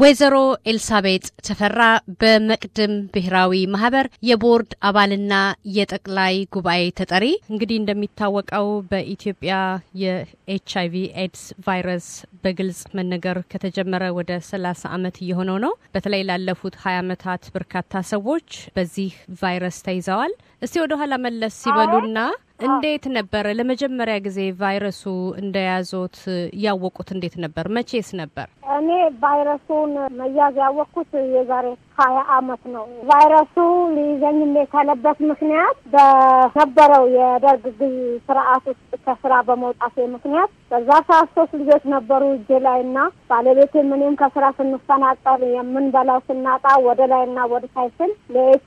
ወይዘሮ ኤልሳቤጥ ተፈራ በመቅድም ብሔራዊ ማህበር የቦርድ አባልና የጠቅላይ ጉባኤ ተጠሪ። እንግዲህ እንደሚታወቀው በኢትዮጵያ የኤች አይቪ ኤድስ ቫይረስ በግልጽ መነገር ከተጀመረ ወደ 30 ዓመት እየሆነው ነው። በተለይ ላለፉት 20 ዓመታት በርካታ ሰዎች በዚህ ቫይረስ ተይዘዋል። እስቲ ወደኋላ መለስ ሲበሉና እንዴት ነበር ለመጀመሪያ ጊዜ ቫይረሱ እንደያዞት ያወቁት? እንዴት ነበር? መቼስ ነበር? እኔ ቫይረሱን መያዝ ያወቅኩት የዛሬ ሀያ አመት ነው። ቫይረሱ ሊይዘኝ የቻለበት ምክንያት በነበረው የደርግ ግዝ ስርዓት ውስጥ ከስራ በመውጣቴ ምክንያት በዛ ሰዓት ሶስት ልጆች ነበሩ እጄ ላይ እና ባለቤቴ ምንም ከስራ ስንፈናጠር የምንበላው ስናጣ ወደ ላይ እና ወደ ታይስን ለኤች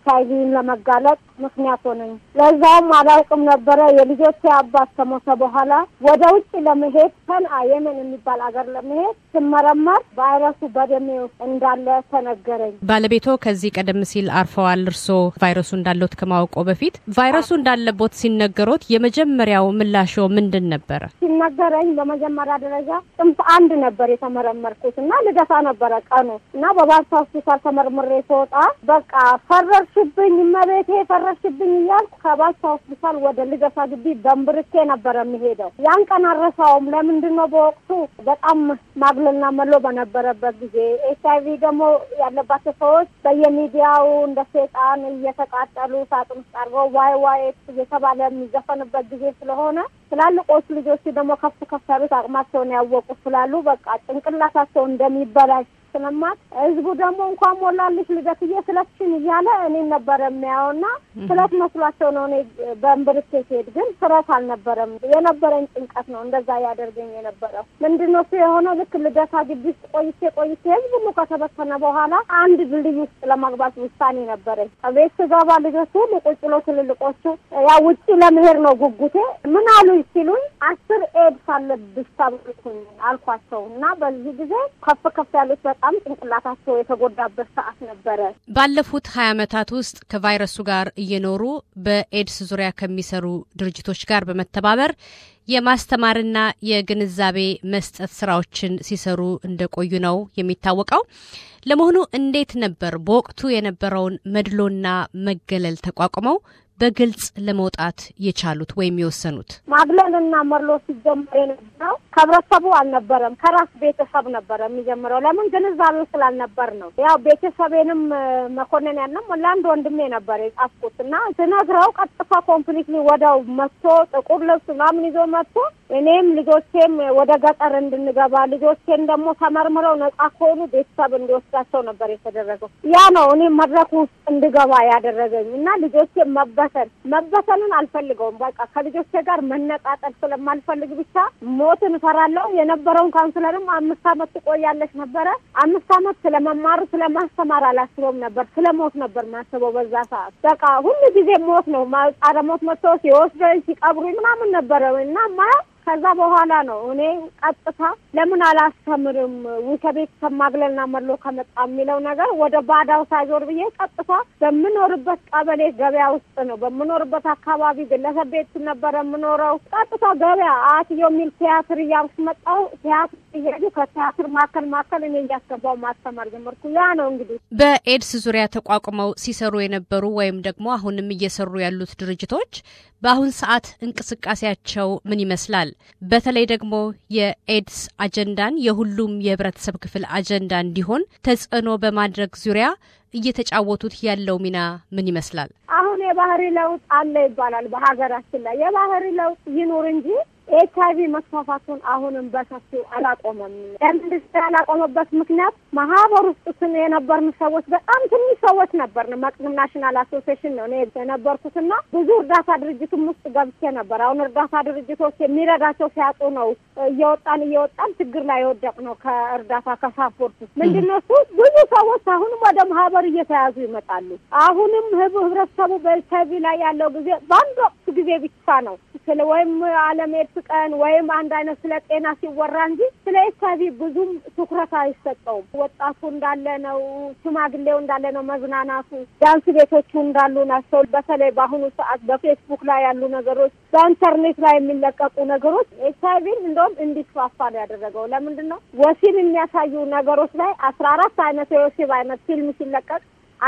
ለመጋለጥ ምክንያት ሆነኝ። ለዛውም አላውቅም ነበረ። የልጆች አባት ከሞተ በኋላ ወደ ውጭ ለመሄድ ሰንአ የመን የሚባል አገር ለመሄድ ስመረመር ቫይረሱ በደሜ ውስጥ እንዳለ ተነገረኝ። ባለቤት ቆይቶ ከዚህ ቀደም ሲል አርፈዋል። እርስዎ ቫይረሱ እንዳለት ከማወቆ በፊት ቫይረሱ እንዳለቦት ሲነገሮት የመጀመሪያው ምላሾ ምንድን ነበረ? ሲነገረኝ በመጀመሪያ ደረጃ ጥንት አንድ ነበር የተመረመርኩት እና ልደታ ነበረ ቀኑ እና በባልታ ሆስፒታል ተመርምሬ ስወጣ በቃ ፈረርሽብኝ፣ መቤቴ ፈረርሽብኝ እያልኩ ከባልታ ሆስፒታል ወደ ልደታ ግቢ በንብርኬ ነበረ የሚሄደው። ያን ቀን አረሳውም። ለምንድን ነው በወቅቱ በጣም ማግለልና መሎ በነበረበት ጊዜ ኤች አይቪ ደግሞ ያለባቸው ሰዎች በየሚዲያው እንደ ሴጣን እየተቃጠሉ ሳጥን ውስጥ አድርገው ዋይ ዋይ እየተባለ የሚዘፈንበት ጊዜ ስለሆነ ትላልቆቹ ልጆች ደግሞ ከፍ ከፍ ያሉት አቅማቸውን ያወቁ ስላሉ በቃ ጭንቅላታቸው እንደሚበላሽ ስለማት ህዝቡ ደግሞ እንኳን ሞላልሽ ልደትዬ ስለትሽን እያለ እኔን ነበር የሚያየውና ስለት መስሏቸው ነው። እኔ በእምብርቴ ሲሄድ ግን ስረት አልነበረም። የነበረኝ ጭንቀት ነው እንደዛ ያደርገኝ የነበረው ምንድን ነው እሱ የሆነ ልክ ልደታ ግቢ ውስጥ ቆይቼ ቆይቼ ህዝብ ሁሉ ከተበተነ በኋላ አንድ ድልድይ ውስጥ ለማግባት ውሳኔ ነበረኝ። ቤት ስገባ ልጆች ሁሉ ቁጭ ብሎ ትልልቆቹ ያ ውጭ ለመሄድ ነው ጉጉቴ። ምን አሉኝ ሲሉኝ አስር ኤድስ አለብሽ ተባልኩኝ አልኳቸው እና በዚህ ጊዜ ከፍ ከፍ ያሉት በጣም በጣም ጭንቅላታቸው የተጎዳበት ሰዓት ነበረ። ባለፉት ሀያ ዓመታት ውስጥ ከቫይረሱ ጋር እየኖሩ በኤድስ ዙሪያ ከሚሰሩ ድርጅቶች ጋር በመተባበር የማስተማርና የግንዛቤ መስጠት ስራዎችን ሲሰሩ እንደቆዩ ነው የሚታወቀው። ለመሆኑ እንዴት ነበር በወቅቱ የነበረውን መድሎና መገለል ተቋቁመው በግልጽ ለመውጣት የቻሉት ወይም የወሰኑት? ማግለል እና መርሎ ሲጀመር የነበረው ከህብረተሰቡ አልነበረም፣ ከራስ ቤተሰብ ነበረ የሚጀምረው። ለምን ግንዛቤው ስላልነበር ነው። ያው ቤተሰቤንም መኮንን ያለም ለአንድ ወንድሜ ነበር የጻፍኩት እና ስነግረው ቀጥታ ኮምፕሊትሊ ወዳው መጥቶ ጥቁር ልብስ ምናምን ይዞ መጥቶ እኔም ልጆቼም ወደ ገጠር እንድንገባ ልጆቼን ደግሞ ተመርምረው ነጻ ከሆኑ ቤተሰብ እንዲወስዳቸው ነበር የተደረገው። ያ ነው እኔ መድረኩ ውስጥ እንድገባ ያደረገኝ እና ልጆቼ መበ መበተን መበተንን አልፈልገውም። በቃ ከልጆቼ ጋር መነጣጠል ስለማልፈልግ ብቻ ሞትን እፈራለሁ። የነበረውን ካውንስለርም አምስት አመት ትቆያለች ነበረ። አምስት አመት ስለመማሩ ስለማስተማር አላስበውም ነበር፣ ስለ ሞት ነበር ማስበው በዛ ሰዓት። በቃ ሁሉ ጊዜ ሞት ነው። ጸረ ሞት መጥቶ ሲወስደኝ ሲቀብሩኝ ምናምን ነበረ እና ማ ከዛ በኋላ ነው እኔ ቀጥታ ለምን አላስተምርም ከቤት ከማግለልና መሎ ከመጣ የሚለው ነገር ወደ ባዳው ሳይዞር ብዬ ቀጥታ በምኖርበት ቀበሌ ገበያ ውስጥ ነው። በምኖርበት አካባቢ ግለሰብ ቤት ነበረ የምኖረው። ቀጥታ ገበያ አትዮ የሚል ቲያትር እያስመጣው ቲያትር እየሄዱ ከቲያትር ማከል ማከል እኔ እያስገባው ማስተማር ጀመርኩ። ያ ነው እንግዲህ በኤድስ ዙሪያ ተቋቁመው ሲሰሩ የነበሩ ወይም ደግሞ አሁንም እየሰሩ ያሉት ድርጅቶች በአሁን ሰዓት እንቅስቃሴያቸው ምን ይመስላል? በተለይ ደግሞ የኤድስ አጀንዳን የሁሉም የህብረተሰብ ክፍል አጀንዳ እንዲሆን ተጽዕኖ በማድረግ ዙሪያ እየተጫወቱት ያለው ሚና ምን ይመስላል? አሁን የባህሪ ለውጥ አለ ይባላል በሀገራችን ላይ የባህሪ ለውጥ ይኑር እንጂ ኤች አይቪ መስፋፋቱን አሁንም በሰፊው አላቆመም። ለምንድን ያላቆመበት ምክንያት ማህበር ውስጥ ስን የነበርን ሰዎች በጣም ትንሽ ሰዎች ነበርን። መቅድም ናሽናል አሶሲሽን ነው እኔ የነበርኩትና ብዙ እርዳታ ድርጅትም ውስጥ ገብቼ ነበር። አሁን እርዳታ ድርጅቶች የሚረዳቸው ሲያጡ ነው እየወጣን እየወጣን ችግር ላይ የወደቅ ነው። ከእርዳታ ከሳፖርት ምንድነው እሱ ብዙ ሰዎች አሁንም ወደ ማህበር እየተያዙ ይመጣሉ። አሁንም ህብ ህብረተሰቡ በኤች አይቪ ላይ ያለው ጊዜ በአንድ ወቅት ጊዜ ብቻ ነው ስለ ወይም አለም ሶስት ቀን ወይም አንድ አይነት ስለ ጤና ሲወራ እንጂ ስለ ኤች አይ ብዙም ትኩረት አይሰጠውም። ወጣቱ እንዳለ ነው፣ ሽማግሌው እንዳለ ነው። መዝናናቱ ዳንስ ቤቶቹ እንዳሉ ናቸው። በተለይ በአሁኑ ሰዓት በፌስቡክ ላይ ያሉ ነገሮች፣ በኢንተርኔት ላይ የሚለቀቁ ነገሮች ኤች አይ እንደውም እንዲስፋፋ ነው ያደረገው። ለምንድን ነው ወሲብ የሚያሳዩ ነገሮች ላይ አስራ አራት አይነት የወሲብ አይነት ፊልም ሲለቀቅ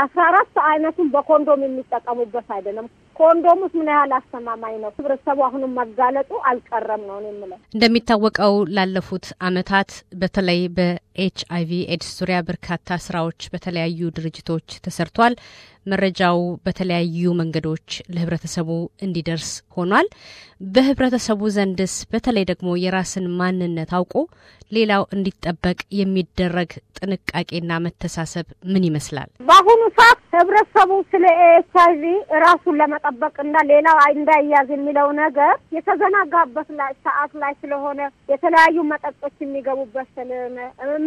አስራ አራት አይነቱን በኮንዶም የሚጠቀሙበት አይደለም። ኮንዶሙስ ምን ያህል አስተማማኝ ነው? ህብረተሰቡ አሁንም መጋለጡ አልቀረም ነው የምለው። እንደሚታወቀው ላለፉት አመታት በተለይ በኤች ቪ ኤድስ ዙሪያ በርካታ ስራዎች በተለያዩ ድርጅቶች ተሰርቷል። መረጃው በተለያዩ መንገዶች ለህብረተሰቡ እንዲደርስ ሆኗል። በህብረተሰቡ ዘንድስ በተለይ ደግሞ የራስን ማንነት አውቆ ሌላው እንዲጠበቅ የሚደረግ ጥንቃቄና መተሳሰብ ምን ይመስላል? በአሁኑ ሰዓት ህብረተሰቡ ስለ ኤች ራሱን ለመጣ እንዳይጠበቅና ሌላው እንዳይያዝ የሚለው ነገር የተዘናጋበት ላይ ሰዓት ላይ ስለሆነ የተለያዩ መጠጦች የሚገቡበት ስለሆነ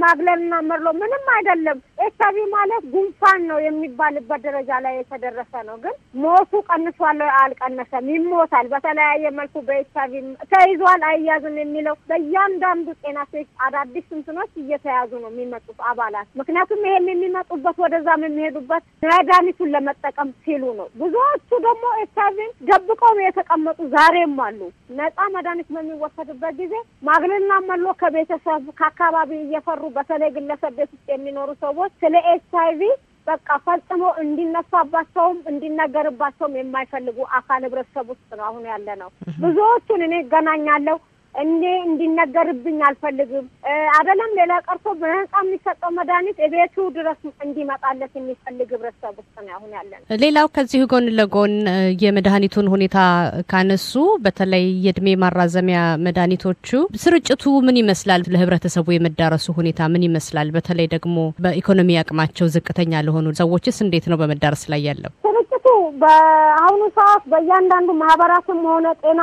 ማግለልና መርሎ ምንም አይደለም። ኤች አይቪ ማለት ጉንፋን ነው የሚባልበት ደረጃ ላይ የተደረሰ ነው። ግን ሞቱ ቀንሷል አልቀነሰም፣ ይሞታል። በተለያየ መልኩ በኤች አይቪ ተይዟል አይያዝም የሚለው በእያንዳንዱ ጤና ሴት አዳዲስ እንትኖች እየተያዙ ነው የሚመጡት አባላት። ምክንያቱም ይሄም የሚመጡበት ወደዛም የሚሄዱበት መድኃኒቱን ለመጠቀም ሲሉ ነው ብዙዎቹ ደግሞ ኤች አይቪን ደብቀው የተቀመጡ ዛሬም አሉ። ነጻ መድኃኒት በሚወሰድበት ጊዜ ማግለልና መሎ ከቤተሰብ ከአካባቢ እየፈሩ በተለይ ግለሰብ ቤት ውስጥ የሚኖሩ ሰዎች ስለ ኤች አይቪ በቃ ፈጽሞ እንዲነሳባቸውም እንዲነገርባቸውም የማይፈልጉ አካል ህብረተሰብ ውስጥ ነው አሁን ያለ ነው። ብዙዎቹን እኔ እገናኛለሁ። እኔ እንዲነገርብኝ አልፈልግም። አደለም ሌላ ቀርቶ በነጻ የሚሰጠው መድኃኒት እቤቱ ድረስ እንዲመጣለት የሚፈልግ ህብረተሰብ ውስጥ ነው አሁን ያለን። ሌላው ከዚህ ጎን ለጎን የመድኃኒቱን ሁኔታ ካነሱ በተለይ የእድሜ ማራዘሚያ መድኃኒቶቹ ስርጭቱ ምን ይመስላል? ለህብረተሰቡ የመዳረሱ ሁኔታ ምን ይመስላል? በተለይ ደግሞ በኢኮኖሚ አቅማቸው ዝቅተኛ ለሆኑ ሰዎችስ እንዴት ነው በመዳረስ ላይ ያለው? በአሁኑ ሰዓት በእያንዳንዱ ማህበራትም ሆነ ጤና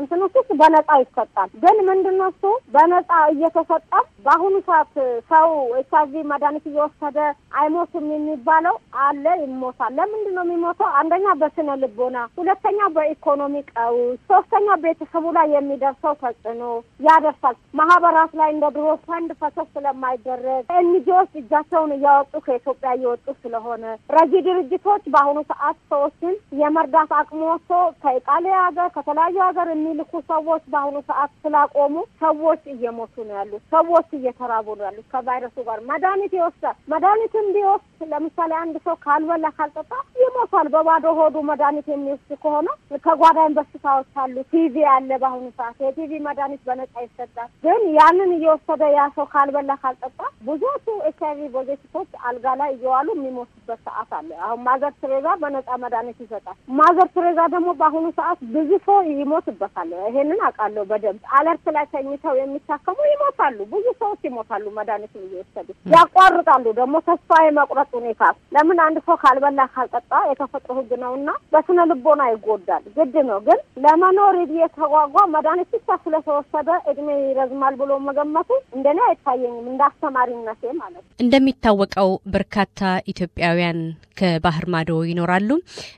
እንትኖች ውስጥ በነጻ ይሰጣል። ግን ምንድነው እሱ በነጻ እየተሰጠ በአሁኑ ሰዓት ሰው ኤች አይ ቪ መድኃኒት እየወሰደ አይሞትም የሚባለው አለ፣ ይሞታል። ለምንድን ነው የሚሞተው? አንደኛ በስነ ልቦና፣ ሁለተኛ በኢኮኖሚ ቀውስ፣ ሶስተኛ ቤተሰቡ ላይ የሚደርሰው ተጽዕኖ ያደርሳል። ማህበራት ላይ እንደ ድሮ ፈንድ ፈሰስ ስለማይደረግ ኤንጂዎች እጃቸውን እያወጡ ከኢትዮጵያ እየወጡ ስለሆነ ረጂ ድርጅቶች በአሁኑ ሰዓት ወጣት ሰዎችን የመርዳት ወጥቶ ከኢጣሊያ ሀገር ከተለያዩ ሀገር የሚልኩ ሰዎች በአሁኑ ሰዓት ስላቆሙ ሰዎች እየሞቱ ነው ያሉ፣ ሰዎች እየተራቡ ነው ያሉት። ከቫይረሱ ጋር መድኃኒት ይወስዳል። መድኃኒትም ቢወስድ ለምሳሌ አንድ ሰው ካልበላ ካልጠጣ ይሞታል። በባዶ ሆዱ መድኃኒት የሚወስድ ከሆነ ተጓዳኝ በሽታዎች አሉ። ቲቪ አለ። በአሁኑ ሰዓት የቲቪ መድኃኒት በነጻ ይሰጣል። ግን ያንን እየወሰደ ያ ሰው ካልበላ ካልጠጣ ብዙዎቹ ኤች አይቪ ፖዘቲቮች አልጋ ላይ እየዋሉ የሚሞቱበት ሰዓት አለ። አሁን ማዘር ትሬዛ በነ የሚያወጣ መድኃኒት ይሰጣል። ማዘር ቴሬዛ ደግሞ በአሁኑ ሰዓት ብዙ ሰው ይሞትበታል። ይሄንን አውቃለሁ በደንብ አለርት ላይ ተኝተው የሚታከሙ ይሞታሉ። ብዙ ሰዎች ይሞታሉ። መድኃኒት እየወሰዱ ያቋርጣሉ። ደግሞ ተስፋ የመቁረጥ ሁኔታ ለምን አንድ ሰው ካልበላ ካልጠጣ የተፈጥሮ ህግ ነው እና በስነ ልቦና ይጎዳል። ግድ ነው ግን ለመኖር እየተጓጓ መድኃኒት ብቻ ስለተወሰደ እድሜ ይረዝማል ብሎ መገመቱ እንደኔ አይታየኝም፣ እንደ አስተማሪነቴ ማለት ነው። እንደሚታወቀው በርካታ ኢትዮጵያውያን ከባህር ማዶ ይኖራሉ።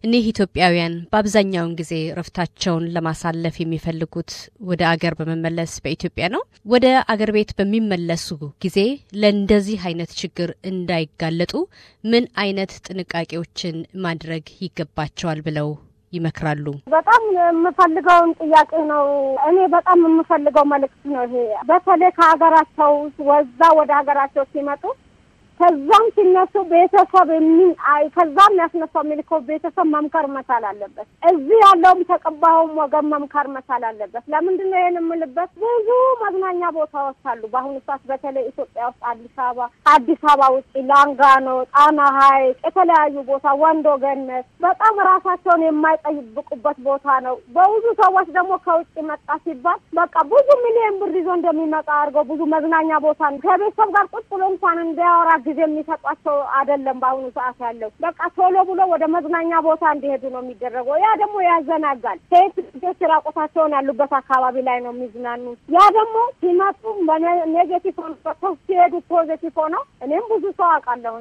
እኒህ ኢትዮጵያውያን በአብዛኛውን ጊዜ ረፍታቸውን ለማሳለፍ የሚፈልጉት ወደ አገር በመመለስ በኢትዮጵያ ነው። ወደ አገር ቤት በሚመለሱ ጊዜ ለእንደዚህ አይነት ችግር እንዳይጋለጡ ምን አይነት ጥንቃቄዎችን ማድረግ ይገባቸዋል ብለው ይመክራሉ? በጣም የምፈልገውን ጥያቄ ነው። እኔ በጣም የምፈልገው መልእክት ነው ይሄ። በተለይ ከሀገራቸው ወዛ ወደ ሀገራቸው ሲመጡ ከዛም ሲነሱ ቤተሰብ የሚን ከዛም ያስነሳው የሚልከው ቤተሰብ መምከር መቻል አለበት። እዚህ ያለውም ተቀባዩም ወገን መምከር መቻል አለበት። ለምንድን ነው ይህን የምልበት? ብዙ መዝናኛ ቦታዎች አሉ። በአሁኑ ሰዓት በተለይ ኢትዮጵያ ውስጥ አዲስ አበባ አዲስ አበባ ውጭ ላንጋኖ፣ ጣና ሐይቅ፣ የተለያዩ ቦታ ወንዶ ገነት በጣም ራሳቸውን የማይጠይብቁበት ቦታ ነው። በብዙ ሰዎች ደግሞ ከውጭ መጣ ሲባል በቃ ብዙ ሚሊዮን ብር ይዞ እንደሚመጣ አድርገው ብዙ መዝናኛ ቦታ ነው ከቤተሰብ ጋር ቁጭ ብሎ እንኳን እንዲያወራ ጊዜ የሚሰጧቸው አይደለም። በአሁኑ ሰዓት ያለው በቃ ቶሎ ብሎ ወደ መዝናኛ ቦታ እንዲሄዱ ነው የሚደረገው። ያ ደግሞ ያዘናጋል። ሴት ልጆች ራቆታቸውን ያሉበት አካባቢ ላይ ነው የሚዝናኑ። ያ ደግሞ ሲመጡ ኔጌቲቭ ሆኖ ሲሄዱ ፖዘቲቭ ሆነው እኔም ብዙ ሰው አውቃለሁ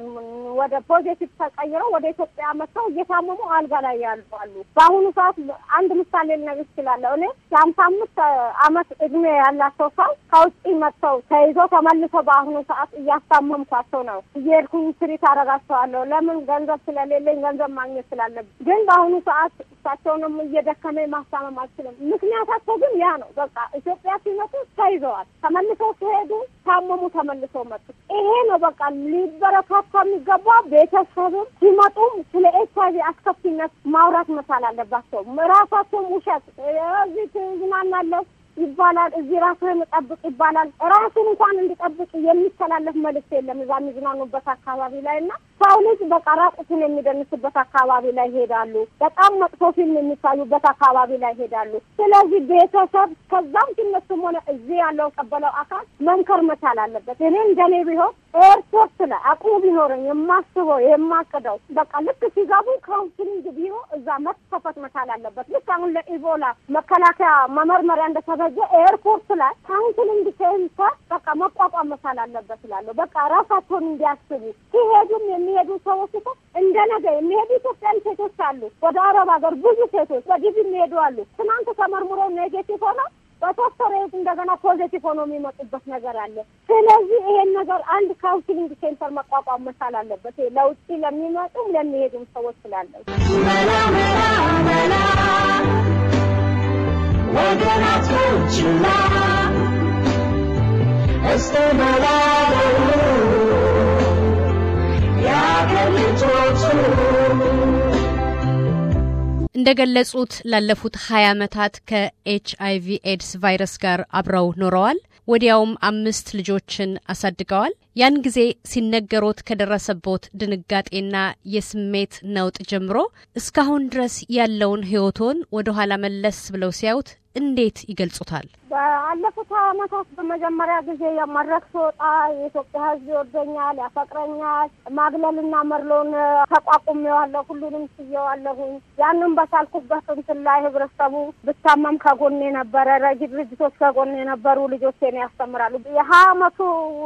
ወደ ፖዘቲቭ ተቀይረው ወደ ኢትዮጵያ መጥተው እየታመሙ አልጋ ላይ ያሉ አሉ። በአሁኑ ሰዓት አንድ ምሳሌ ልነግርሽ እችላለሁ። እኔ የአምሳ አምስት አመት እድሜ ያላቸው ሰው ከውጭ መጥተው ተይዞ ተመልሶ በአሁኑ ሰዓት እያስታመምኳቸው ነው ነው እየሄድኩኝ ትሪት አደርጋቸዋለሁ። ለምን ገንዘብ ስለሌለኝ ገንዘብ ማግኘት ስላለብኝ። ግን በአሁኑ ሰዓት እሳቸውንም እየደከመኝ ማስታመም አልችልም። ምክንያታቸው ግን ያ ነው። በቃ ኢትዮጵያ ሲመጡ ተይዘዋል፣ ተመልሰው ሲሄዱ ታመሙ፣ ተመልሰው መጡ። ይሄ ነው በቃ ሊበረታታ የሚገባ ቤተሰብም ሲመጡም ስለ ኤች አይቪ አስከፊነት ማውራት መቻል አለባቸው። ራሳቸውም ውሸት እዚህ ትዝናናለሁ ይባላል። እዚህ ራስህን ጠብቅ ይባላል። ራሱን እንኳን እንዲጠብቅ የሚተላለፍ መልእክት የለም እዛ የሚዝናኑበት አካባቢ ላይ እና ሰው ልጅ በቃ ራቁትን የሚደንስበት አካባቢ ላይ ይሄዳሉ። በጣም መጥፎ ፊልም የሚታዩበት አካባቢ ላይ ይሄዳሉ። ስለዚህ ቤተሰብ ከዛም ሲነሱም ሆነ እዚህ ያለው ቀበለው አካል መንከር መቻል አለበት። እኔ እንደኔ ቢሆን ኤርፖርት ላይ አቅሙ ቢኖረኝ የማስበው የማቅደው በቃ ልክ ሲገቡ ካውንስሊንግ ቢሮ እዛ መከፈት መቻል አለበት። ልክ አሁን ለኢቦላ መከላከያ መመርመሪያ እንደተበ ነገ ኤርፖርት ላይ ታንክን እንዲሰንሳ በቃ መቋቋም መቻል አለበት እላለሁ። በቃ ራሳቸውን እንዲያስቡ ሲሄዱም የሚሄዱ ሰዎች እኮ እንደ ነገ የሚሄዱ ኢትዮጵያን ሴቶች አሉ። ወደ አረብ ሀገር ብዙ ሴቶች በጊዜ የሚሄዱ አሉ። ትናንት ተመርምሮ ኔጌቲቭ ሆነ በሶስተር እንደገና ፖዘቲቭ ሆኖ የሚመጡበት ነገር አለ። ስለዚህ ይሄን ነገር አንድ ካውንስሊንግ ሴንተር መቋቋም መቻል አለበት ለውጭ ለሚመጡም ለሚሄዱም ሰዎች ስላለ ወገናቶችና እስተመላለሉ የአገር ልጆቹ እንደ ገለጹት ላለፉት 20 ዓመታት ከኤች አይቪ ኤድስ ቫይረስ ጋር አብረው ኖረዋል። ወዲያውም አምስት ልጆችን አሳድገዋል። ያን ጊዜ ሲነገሮት ከደረሰቦት ድንጋጤና የስሜት ነውጥ ጀምሮ እስካሁን ድረስ ያለውን ህይወቶን ወደ ኋላ መለስ ብለው ሲያዩት እንዴት ይገልጹታል? ባለፉት አመታት በመጀመሪያ ጊዜ የመድረክ ስወጣ የኢትዮጵያ ህዝብ ይወደኛል፣ ያፈቅረኛል፣ ማግለልና መድሎን ተቋቁሜዋለሁ፣ ሁሉንም ስየዋለሁኝ። ያንን በሳልኩበት እንትን ላይ ህብረተሰቡ ብታመም ከጎኔ ነበረ፣ ረጅ ድርጅቶች ከጎኔ ነበሩ፣ ልጆቼን ያስተምራሉ። የሀያ አመቱ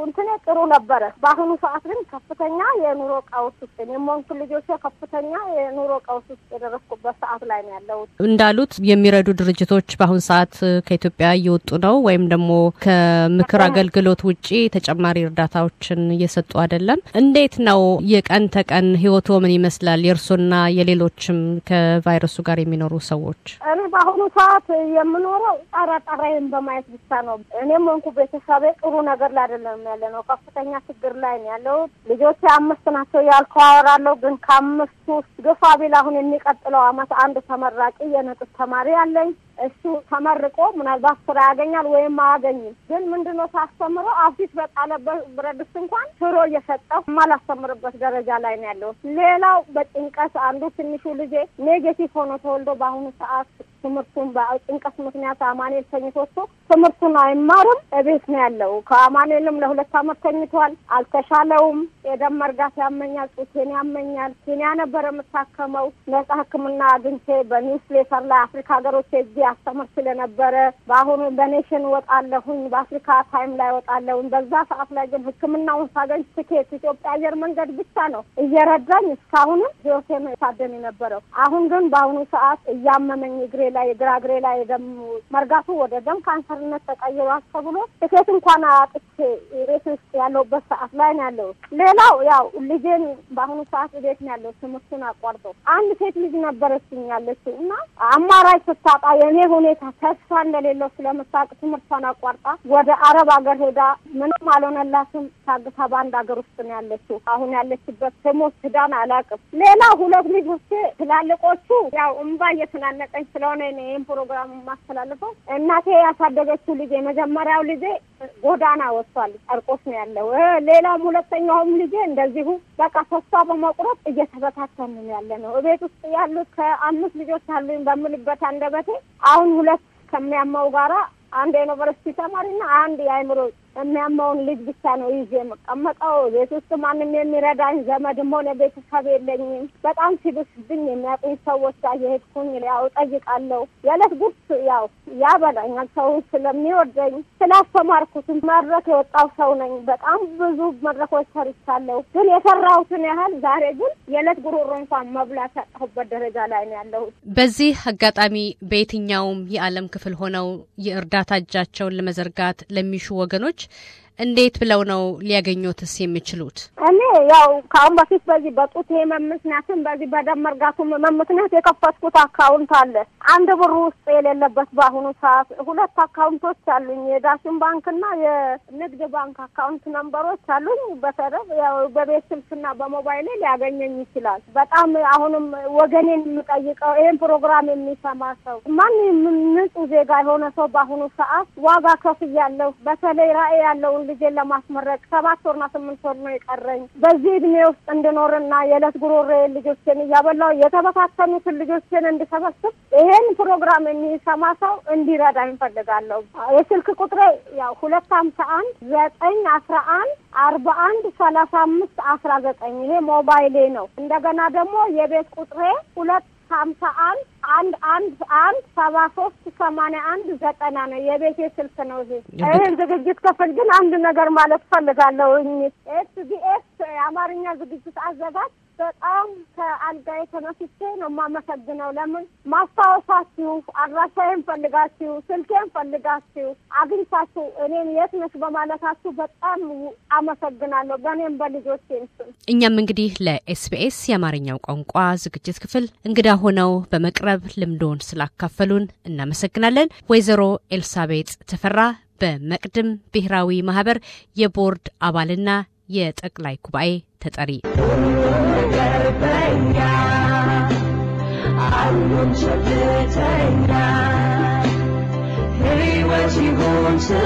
እንትኔ ጥሩ ነበር። ነበረ። በአሁኑ ሰዓት ግን ከፍተኛ የኑሮ ቀውስ ውስጥ የሞንቱ ልጆች ከፍተኛ የኑሮ ቀውስ ውስጥ የደረስኩበት ሰዓት ላይ ነው ያለሁት። እንዳሉት የሚረዱ ድርጅቶች በአሁኑ ሰዓት ከኢትዮጵያ እየወጡ ነው ወይም ደግሞ ከምክር አገልግሎት ውጪ ተጨማሪ እርዳታዎችን እየሰጡ አይደለም። እንዴት ነው የቀን ተቀን ህይወቶ ምን ይመስላል? የእርሶና የሌሎችም ከቫይረሱ ጋር የሚኖሩ ሰዎች። እኔ በአሁኑ ሰዓት የምኖረው ጠራ ጠራይም በማየት ብቻ ነው። እኔም ወንኩ ቤተሰቤ ጥሩ ነገር ላይ አይደለም ያለ ነው ከፍተኛ ከፍተኛ ችግር ላይ ነው ያለው። ልጆች አምስት ናቸው ያልከው አወራለሁ፣ ግን ከአምስቱ ውስጥ ግፋ ቢል አሁን የሚቀጥለው አመት አንድ ተመራቂ የነጥብ ተማሪ አለኝ። እሱ ተመርቆ ምናልባት ስራ ያገኛል ወይም አያገኝም። ግን ምንድነው ሳስተምረው አብሲት በጣለበት ብረድስ እንኳን ሽሮ እየሰጠው የማላስተምርበት ደረጃ ላይ ነው ያለው። ሌላው በጭንቀት አንዱ ትንሹ ልጄ ኔጌቲቭ ሆኖ ተወልዶ በአሁኑ ሰዓት ትምህርቱን በጭንቀት ምክንያት አማኑኤል ተኝቶቶ ትምህርቱን አይማርም። እቤት ነው ያለው። ከአማኔልም ለሁለት አመት ተኝቷል። አልተሻለውም። የደም መርጋት ያመኛል፣ ጡቴን ያመኛል። ኬንያ ነበር የምታከመው። ነጻ ሕክምና አግኝቼ በኒውስሌተር ላይ አፍሪካ ሀገሮች ሄጄ ያስተምር ስለነበረ በአሁኑ በኔሽን ወጣለሁኝ፣ በአፍሪካ ታይም ላይ ወጣለሁኝ። በዛ ሰዓት ላይ ግን ሕክምናውን ሳገኝ ትኬት ኢትዮጵያ አየር መንገድ ብቻ ነው እየረዳኝ እስካሁንም ህይወቴን የታደን የነበረው። አሁን ግን በአሁኑ ሰዓት እያመመኝ እግሬ ላይ እግራ እግሬ ላይ ደም መርጋቱ ወደ ደም ካንሰርነት ተቀይሯል ተብሎ ትኬት እንኳን አጥቼ ቤት ውስጥ ያለሁበት ሰዓት ላይ ነው ያለው። ሌላው ያው ልጄን በአሁኑ ሰዓት ቤት ነው ያለው ትምህርቱን አቋርጠው። አንድ ሴት ልጅ ነበረችኝ ያለችው እና አማራጭ ስታጣ የኔ በእኔ ሁኔታ ተስፋ እንደሌለው ስለምታውቅ ትምህርቷን አቋርጣ ወደ አረብ ሀገር ሄዳ ምንም አልሆነላትም። ታግታ በአንድ ሀገር ውስጥ ነው ያለችው። አሁን ያለችበት ደግሞ ሱዳን አላውቅም። ሌላ ሁለት ልጆቼ ትላልቆቹ ያው እምባ እየተናነቀኝ ስለሆነ ይህን ፕሮግራም የማስተላልፈው እናቴ ያሳደገችው ልጄ መጀመሪያው ልጄ ጎዳና ወጥቷል፣ ጨርቆስ ነው ያለው። ሌላውም ሁለተኛውም ልጄ እንደዚሁ በቃ ተስፋ በመቁረጥ እየተበታተንን ያለ ነው። እቤት ውስጥ ያሉት ከአምስት ልጆች አሉኝ በምልበት አንደበቴ አሁን ሁለት ከሚያማው ጋራ አንድ የዩኒቨርሲቲ ተማሪና አንድ የአእምሮ የሚያመውን ልጅ ብቻ ነው ይዤ የምቀመጠው። ቤት ውስጥ ማንም የሚረዳኝ ዘመድም ሆነ ቤተሰብ የለኝም። በጣም ሲብስብኝ የሚያጡኝ ሰዎች እየሄድኩኝ ያው ጠይቃለሁ። የዕለት ጉርስ ያው ያበላኛል። ሰውን ስለሚወደኝ ስላስተማርኩትም መድረክ የወጣው ሰው ነኝ። በጣም ብዙ መድረኮች ሰርቻለሁ። ግን የሰራሁትን ያህል ዛሬ ግን የዕለት ጉሮሮ እንኳን መብላት ያጣሁበት ደረጃ ላይ ነው ያለሁት። በዚህ አጋጣሚ በየትኛውም የዓለም ክፍል ሆነው የእርዳታ እጃቸውን ለመዘርጋት ለሚሹ ወገኖች church እንዴት ብለው ነው ሊያገኙትስ የሚችሉት? እኔ ያው ከአሁን በፊት በዚህ በጡት ህመም ምክንያትም በዚህ በደም መርጋቱ ህመም ምክንያት የከፈትኩት አካውንት አለ። አንድ ብር ውስጥ የሌለበት በአሁኑ ሰዓት ሁለት አካውንቶች አሉኝ። የዳሽን ባንክና የንግድ ባንክ አካውንት ነንበሮች አሉኝ። በተረፍ ያው በቤት ስልክና በሞባይል ሊያገኘኝ ይችላል። በጣም አሁንም ወገኔን የምጠይቀው ይህን ፕሮግራም የሚሰማ ሰው ማንም ንጹህ ዜጋ የሆነ ሰው በአሁኑ ሰዓት ዋጋ ከፍያለሁ፣ በተለይ ራዕይ ያለውን ልጄን ለማስመረቅ ሰባት ወርና ስምንት ወር ነው የቀረኝ። በዚህ እድሜ ውስጥ እንድኖርና የዕለት ጉሮሬ ልጆችን እያበላው የተበታተኑትን ልጆችን እንድሰበስብ ይሄን ፕሮግራም የሚሰማ ሰው እንዲረዳ እንፈልጋለሁ። የስልክ ቁጥሬ ያው ሁለት ሀምሳ አንድ ዘጠኝ አስራ አንድ አርባ አንድ ሰላሳ አምስት አስራ ዘጠኝ ይሄ ሞባይሌ ነው። እንደገና ደግሞ የቤት ቁጥሬ ሁለት ሀምሳ አንድ አንድ አንድ አንድ ሰባ ሶስት ሰማንያ አንድ ዘጠና ነው የቤቴ ስልክ ነው። ይሄ ይህን ዝግጅት ክፍል ግን አንድ ነገር ማለት ፈልጋለሁ። ኤስ ቢ ኤስ የአማርኛ ዝግጅት አዘጋጅ በጣም ከአልጋ የተነስቼ ነው የማመሰግነው። ለምን ማስታወሳችሁ፣ አድራሻዬን ፈልጋችሁ፣ ስልኬን ፈልጋችሁ አግኝታችሁ እኔን የት ነሽ በማለታችሁ በጣም አመሰግናለሁ። በእኔም በልጆቼ እኛም እንግዲህ ለኤስቢኤስ የአማርኛው ቋንቋ ዝግጅት ክፍል እንግዳ ሆነው በመቅረብ ልምዶን ስላካፈሉን እናመሰግናለን። ወይዘሮ ኤልሳቤጥ ተፈራ በመቅድም ብሔራዊ ማህበር የቦርድ አባልና የጠቅላይ ጉባኤ ተጠሪ penga I want to be tenga Hey, what you going to do?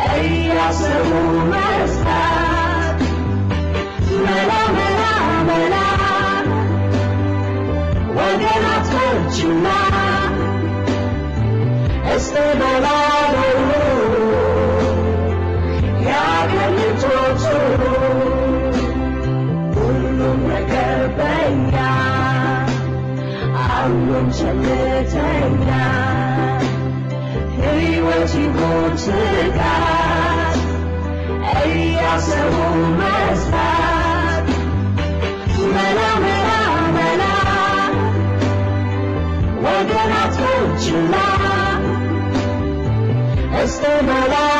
Hey, yes, the woman is back Mela, mela, mela We're to the ballad 完全的再难，黑我几乎自干，哎呀，生活蛮惨，没啦没啦没啦，我跟他走起啦，是的啦。